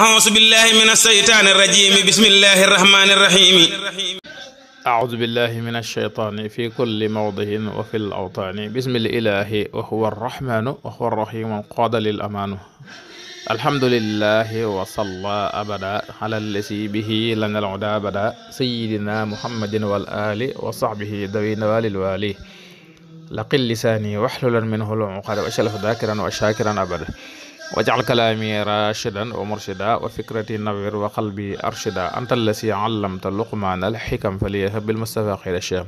أعوذ بالله من الشيطان الرجيم بسم الله الرحمن الرحيم أعوذ بالله من الشيطان في كل موضع وفي الأوطان بسم الإله وهو الرحمن وهو الرحيم قاد للأمان الحمد لله وصلى أبدا على الذي به لنا العدا بدا سيدنا محمد والآل وصحبه ذوي نوال الوالي لقل لساني واحلل منه العقد وأشلف ذاكرا وشاكرا أبدا wajal kalaami rashidan wa murshida wa fikrati nawir wa qalbi arshida anta allasi allamta luqmaan alxikam fa liyaha bil mustafa xayra sham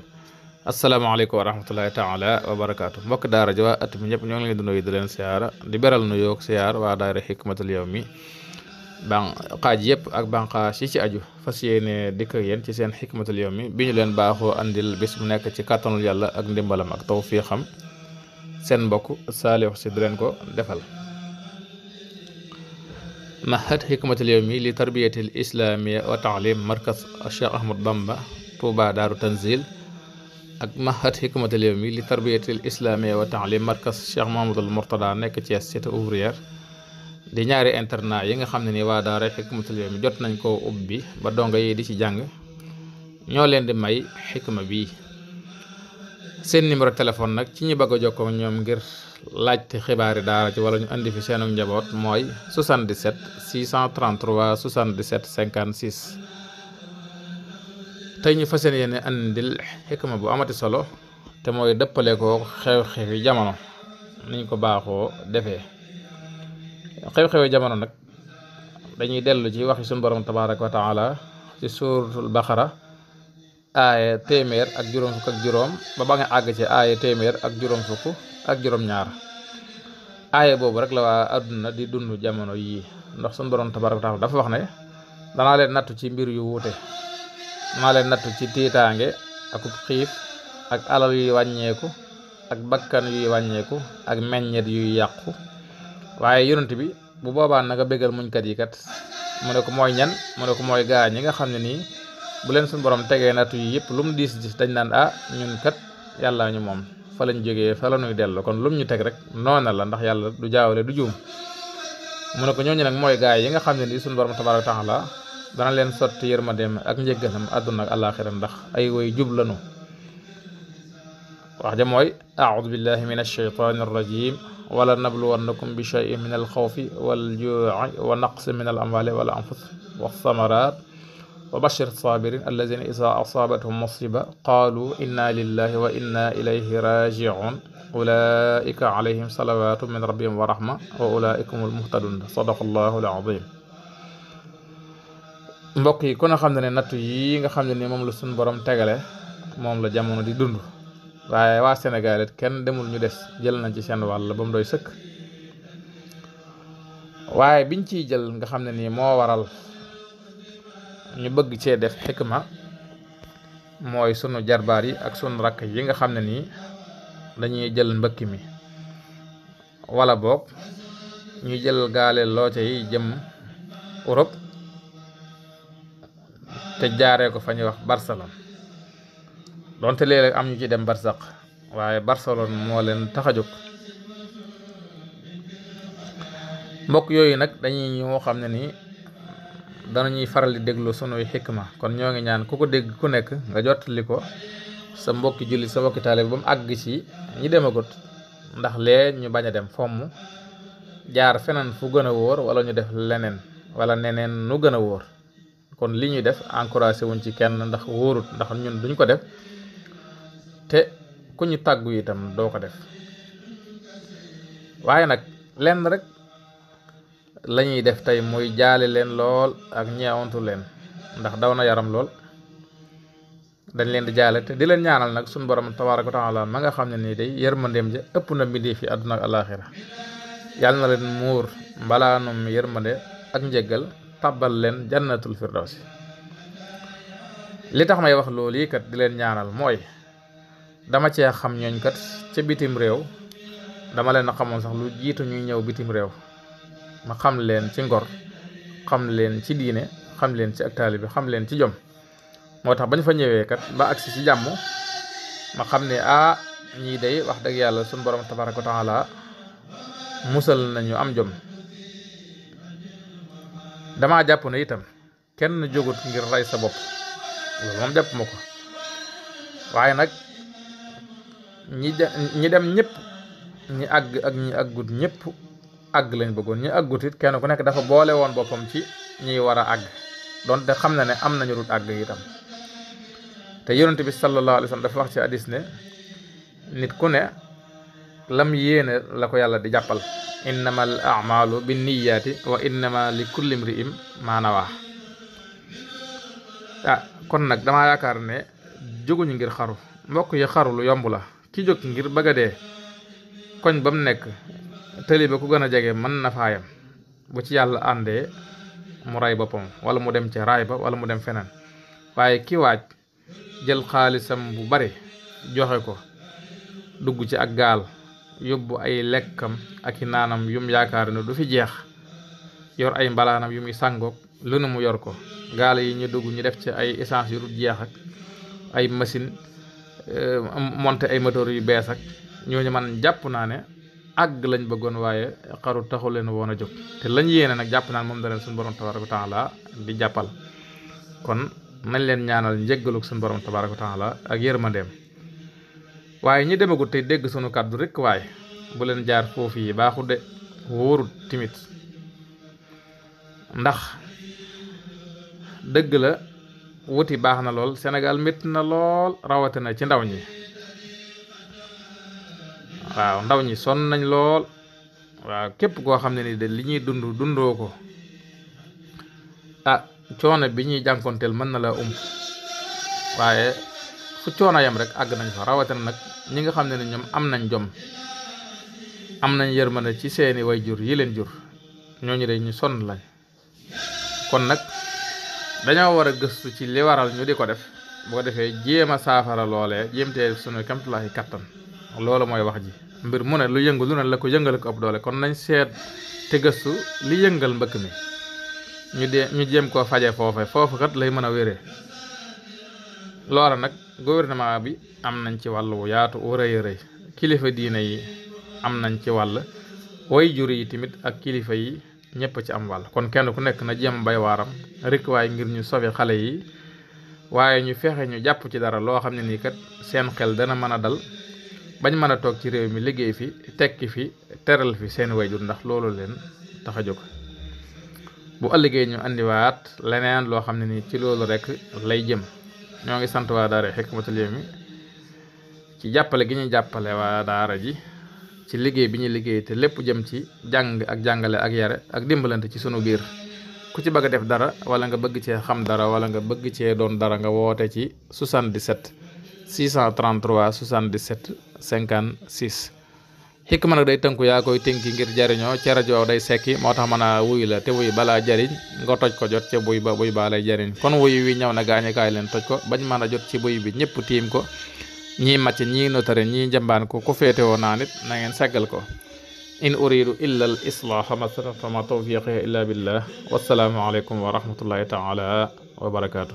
asalaamaaleykum wa rahmatullahi taala wa barakaatu mbokk daara ji at mi ñëpp ñoo ngi leen di di leen siyaara di beral nu yoog siyaar waa daara xikmatul yawmi ban xaaj yëpp ak banqaas yi ci aju fas yéene dikk ak yéen ci seen xikmatul yawmi bi ñu leen baaxoo andil bis bu nekk ci kàttanul yàlla ak ndimbalam ak tawfiixam seen mbokk Saliou si leen ko defal mahad hikmatul mi li tarbiyatil islamiyya wa taalim markaz Cheikh Ahmad Bamba Touba Daaru Tanzil ak mahad hikmatul yawmi li tarbiyatil islamiyya wa taalim markaz Cheikh Mahamadul Mourtada nekk Thiès cité ouvrière di ñaari internat yi nga xam ne ni waa daara hikmatul mi jot nañ ko ubbi ba donga yi di ci jàng ñoo leen di may xikma bii seen numéro téléphone nag ci ñi bëgg a jokkoo ñoom ngir laajte xibaari daara ci walla ñu andi fi seenu njaboot mooy 77 633 77 56. tey ñu fas yéene andil bu amati solo te mooy dëppale ko xew-xewi jamono niñ ko baaxoo defee xew-xewi nag dañuy dellu ci waxi sunu borom tabaaraka wa taala ci suuratul baqara aaye téeméer ak juróom fukk ak juróom ba ba àgg ci aaye téeméer ak juróom fukk ak juróom-ñaar aaye boobu rek la waa àdduna di dund jamono yii ndax suñu borom tabaaraka taala dafa wax ne danaa leen nattu ci mbir yu wuute danaa leen nattu ci tiitaange ak xiif ak alal yuy wàññeeku ak bakkan yuy wàññeeku ak meññeet yuy yàqu waaye yonent bi bu boobaa naka bégal muñkat yi kat mu ne ko mooy ñan mu ne ko mooy gaa ñi nga xam ne nii bu leen suñu borom tegee nattu yi yëpp lu mu diis diis dañ naan ah ñun kat yàlla ñu moom fa lañ jógee fa la ñuy dellu kon lu ñu teg rek noona la ndax yàlla du jaawale du juum mu ne ko ñooñu nag mooy gaay yi nga xam ne ni suñu borom tabaaraka taala dana leen sotti dem ak njëggalam àdduna ak àllaaxira ndax ay woy jub lanu wax ja mooy aaudu billahi min alsheytaani arrajim wala nabluwannakum bi cheyin min alxawfi waljuuci wa naqsi min al amwali wal anfus wa samarat wa bashir sabirin allazina isaa asaabathum musiba qaalu inna lillahi wa inna ilayhi rajiun ulaika alayhim salawatu min rabbihim wa rahma wa ulaika humul muhtadun sadaqallahu alazim mbokk yi ku xam ne ne nattu yi nga xam ne ni moom la suñ borom tegale moom la jamono di dund waa Sénégal it kenn demul ñu des jël nañ ci seen wàll ba mu doy sëkk waaye biñ ciy nga xam ne moo waral ñu bëgg cee def xikma mooy sunu jarbaar yi ak sunu rakk yi nga xam ne nii dañuy jël mbëkk mi wala boog ñuy jël gaale loote yi jëm Europe te jaaree ko fa ñuy wax Barcelone donte leer léeg am ñu ci dem Barsaq waaye Barcelone moo leen tax a mbokk yooyu nag dañuy ñoo xam ne nii danañuy faral di déglu sunuy xikma kon ñoo ngi ñaan ku ko dégg ku nekk nga jottali ko sa mbokki julli sa mbokki taalibe ba mu àgg ci ñi demagut ndax lee ñu bañ a dem fomm jaar feneen fu gën a wóor wala ñu def leneen wala neneen nu gën a wóor kon li ñuy def encouragé wuñ ci kenn ndax wóorut ndax ñun duñ ko def te ku ñu tàggu itam doo ko def waaye nag lenn rek lañuy def tey muy jaale leen lool ak ñeewantu leen ndax daw na yaram lool dañ leen di jaale te di leen ñaanal nag suñu borom tabaaraka wa taala ma nga xam ne nii day yërmandeem ja ëpp na mbindee fi àdduna ak alaaxira yàlla na leen muur mbalaanum yërmande ak njëggal tàbbal leen jannatul firdawsi li tax may wax loolu yi kat di leen ñaanal mooy dama cee xam ñooñ kat ca bitim réew dama leen xamoon sax lu jiitu ñuy ñëw bitim réew ma xam leen ci ngor xam leen ci diine xam leen ci ak taalibe xam leen ci jom moo tax bañ fa ñëwee kat ba agsi ci jàmm ma xam ne ah ñii day wax dëgg yàlla suñu borom tabaraka wa taala musal nañu am jom dama jàpp ne itam kenn jógut ngir rey sa bopp loolu moom jàpp ma ko waaye nag ñi ñi dem ñëpp ñi àgg ak ñi àggut ñëpp àgg lañ bëggoon ñi àggut it kenn ku nekk dafa boole woon boppam ci ñiy war a àgg donte xam na ne am nañu dut àgg itam te yonent bi sallallahu alayhi wa dafa wax ci hadis ne nit ku ne lam yéene la ko yàlla di jàppal innama al amalu bi niyaati wa innama li kulli mri'in maa ah kon nag dama yaakaar ne jóguñu ngir xaru mbokk yi xaru lu yomb la ki jóg ngir bëgg a dee koñ ba nekk taalibe ku gën a jege man nafaayam bu ci yàlla àndee mu ray boppam wala mu dem ca raay ba wala mu dem feneen waaye kii waaj jël xaalisam bu bari joxe ko dugg ci ak gaal yóbbu ay lekkam ak i naanam yum yaakaar ne du fi jeex yor ay mbalaanam yu muy sàngoog lu ne mu yor ko gaal yi ñu dugg ñu def ci ay essence yu dul jeex ak ay machine euh, monté ay moteur yu bees ak ñooñu man jàpp naa àgg lañ bëggoon waaye xaru taxu leen woon a jóg te lañ yéene nag jàpp naan moom da leen suñu borom tabaraka wa taala di jàppal kon nañ leen ñaanal njëggalug suñ borom tabaraka wa taala ak dem waaye ñi demagut tey dégg sunu kàddu rekk waaye bu leen jaar foofu yi baaxut de wóorut timit ndax dëgg la wuti baax na lool senegal métti na lool rawatina ci ndaw ñi waaw ndaw ñi sonn nañ lool waaw képp koo xam ne ni de li ñuy dund dundoo ko ah coono bi ñuy jànkonteel mën na la um waaye fu coono yam rek àgg nañ fa rawatina nag ñi nga xam ne ni ñoom am nañ jom am nañ yërmande ci seeni way jur yi leen jur ñooñu de ñu sonn lañ kon nag dañoo war a gëstu ci li waral ñu di ko def boo defee jéem a saafara loolee jéem tee sunu kamtulaahi kàttan loolu mooy wax ji mbir mu ne lu yëngu lu ne la ko yëngale ko ëpp doole kon nañ seet te li yëngal mbëkk mi ñu dee ñu jéem koo faje foofe foofu kat lay mën a wéree loola nag gouvernement bi am nañ ci wàll wu yaatu wu rëy kilifa diine yi am nañ ci wàll way jur yi tamit ak kilifa yi ñëpp ci am wàll kon kenn ku nekk na jéem bay waaram rek waaye ngir ñu sowe xale yi waaye ñu fexe ñu jàpp ci dara loo xam ne nii kat seen xel dana mën a dal bañ mën a toog ci réew mi liggéey fi tekki fi teral fi seen wayjur ndax loolu leen tax jóg bu ëllëgee ñu indiwaat leneen loo xam ne nii ci loolu rek lay jëm ñoo ngi sant waa daara Hikmatul Yawmi ci jàppale gi ñuy jàppale waa daara ji ci liggéey bi ñuy liggéey te lépp jëm ci jàng ak jàngale ak yare ak dimbalante ci sunu biir ku ci bëgg def dara wala nga bëgg cee xam dara wala nga bëgg cee doon dara nga woote ci 77 633 77 56 xikma nag day tënku yaa koy tënki ngir jariñoo ca rajo day sekki moo tax mën a wuy la te wuy balaa jariñ nga toj ko jot ca buy ba buy baa lay jariñ kon wuy wi ñëw na gaañukaay leen toj ko bañ mën a jot ci buy bi ñëpp tiim ko ñii màcc ñii notare ñii njambaan ko ku féetewoo naa nit na ngeen seggal ko in uridu illa al islaaha mastata'tu ma tawfiqi illa billah wassalaamu aleykum wa rahmatullahi wa barakaatu